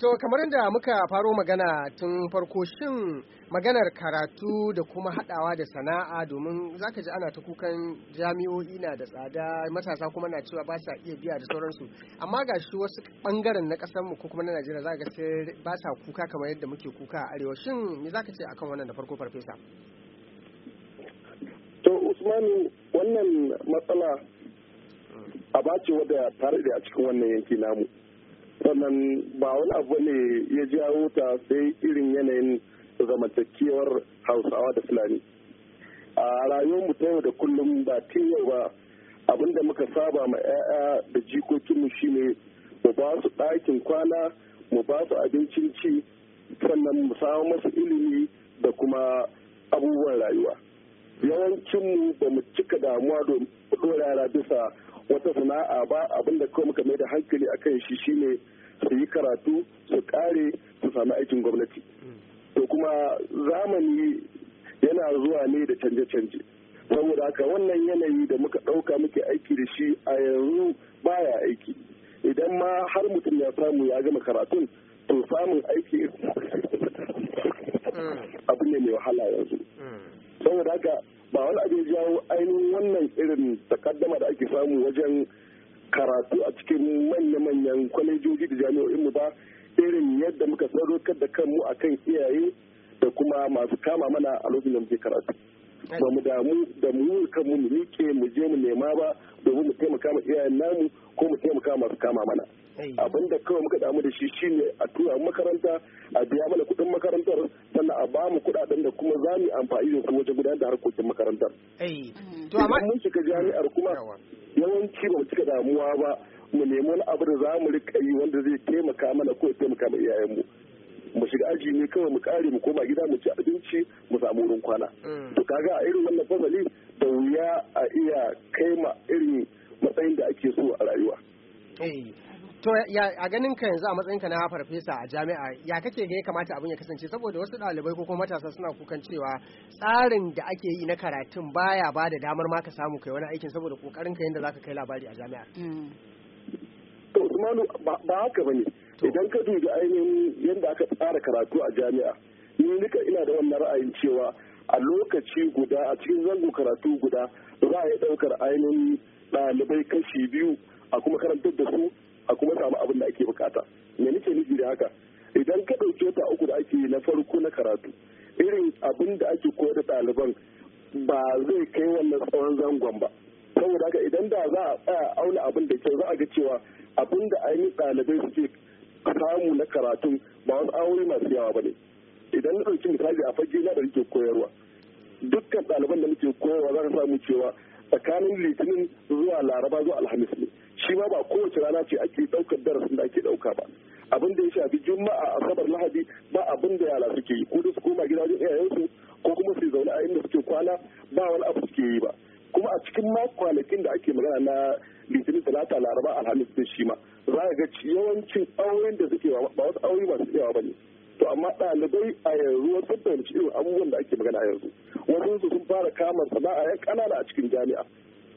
To kamar yadda muka faro magana tun farko shin maganar karatu da kuma hadawa da sana'a domin zaka ji ana ta kukan jami'o'i na da tsada matasa kuma na cewa ba sa iya biya da sauransu amma ga shi wasu bangaren na kasar mu ko kuma na Najeriya za ga sai ba sa kuka kamar yadda muke kuka a arewa shin me zaka ce akan wannan da farko farfesa To Usmanu wannan matsala a bace wadda tare da a cikin wannan yanki namu. sannan ba wani abu ne ya jawo ta sai irin yanayin zamantakewar hausawa da fulani a rayuwar mu ta da kullum ba ta yau ba abinda muka saba ma 'ya'ya da jikokinmu shine mu ba su ɗakin kwana mu ba su abincin ci sannan mu samu masu ilimi da kuma abubuwan rayuwa yawancinmu ba mu cika damuwa don yara bisa wata sana'a ba abin da kawai muka mai da hankali akan shi shine su yi karatu su kare su sami aikin gwamnati to kuma zamani yana zuwa ne da canje-canje saboda haka wannan yanayi da muka ɗauka muke aiki da shi a yanzu baya aiki idan ma har mutum ya samu ya gama karatun to samun aiki mm. abu ne mai wahala yanzu mm. saboda haka ba wani abin jawo ainihin wannan irin takaddama da ake samu wajen karatu a cikin manya-manyan kwalejoji da jami'o'inmu ba irin yadda muka sadaukar da kanmu a kan iyaye da kuma masu kama mana a lokacin da muke karatu ba mu damu da mu kanmu mu miƙe mu je mu nema ba domin mu taimaka ma iyayen namu ko mu taimaka masu kama mana abin da kawai muka damu da shi shine a tura makaranta a biya mana kuɗin makarantar ba mu kuɗaɗen da kuma za mu amfani da su wajen gudanar da harkokin makarantar. To amma mun shiga jami'ar kuma yawanci ba mu cika damuwa ba mu nemi wani abu da za mu riƙa yi wanda zai taimaka mana ko ya taimaka ma iyayenmu. mu shiga aji ne kawai mu kare mu koma gida mu ci abinci mu samu wurin kwana mm. to kaga a irin wannan fasali da wuya a iya kai ma irin matsayin da ake so a rayuwa To a ganin ka yanzu a matsayin ka na farfesa a jami'a ya kake ga ya kamata abin ya kasance saboda wasu ɗalibai ko kuma matasa suna kukan cewa tsarin da ake yi na karatun baya ba da damar ma samu kai wani aikin saboda kokarin ka yadda zaka kai labari a jami'a. Mm. To ba haka bane idan ka duba ainihin yadda aka tsara karatu a jami'a ni nika ina da wannan ra'ayin cewa a lokaci guda a cikin zango karatu guda za a yi ɗaukar ainihin ɗalibai kashi biyu a kuma karantar da su a kuma samu abin da ake bukata me nake nufi da haka idan ka ɗauki wata uku da ake na farko na karatu irin abin da ake koyar da ɗaliban ba zai kai wannan tsawon zangon ba saboda haka idan da za a tsaya auna abin da kyau za a ga cewa abin da ainihin ɗalibai suke samu na karatun ba wasu awoyi masu yawa ba ne idan na ɗauki misali a fage na da nake koyarwa dukkan ɗaliban da muke koyarwa za ka samu cewa tsakanin litinin zuwa laraba zuwa alhamis ne shi ma ba kowace rana ce ake daukar darasin da ake ɗauka ba abin da ya shafi juma'a asabar lahadi ba abin da yara suke yi ko da su koma gida wajen iyayensu ko kuma su zaune a inda suke kwana ba wani abu suke yi ba kuma a cikin ma kwanakin da ake magana na litinin talata laraba alhamis din shi ma za a ga yawancin aure da suke ba wasu aure masu yawa ba ne to amma ɗalibai a yanzu wasu fahimci irin abubuwan da ake magana a yanzu wasu sun fara kama sana'a yan ƙanana a cikin jami'a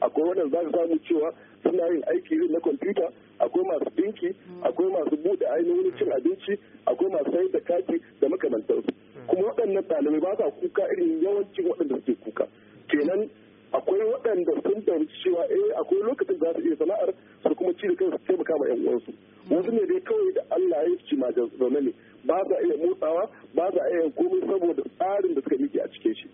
akwai waɗanda za su samu cewa suna yin aiki na kwamfuta akwai masu dinki akwai masu buɗe ainihin cin abinci akwai masu sayar da kati da makamantarsu kuma waɗannan ɗalibai ba sa kuka irin yawancin waɗanda suke kuka kenan akwai waɗanda sun fahimci cewa eh akwai lokacin za su iya sana'ar su kuma ci da su taimaka ma 'yan uwansu wasu ne dai kawai da Allah ya ci majan zaune ne ba za iya motsawa ba za iya komai saboda tsarin da suka miƙe a cikin shi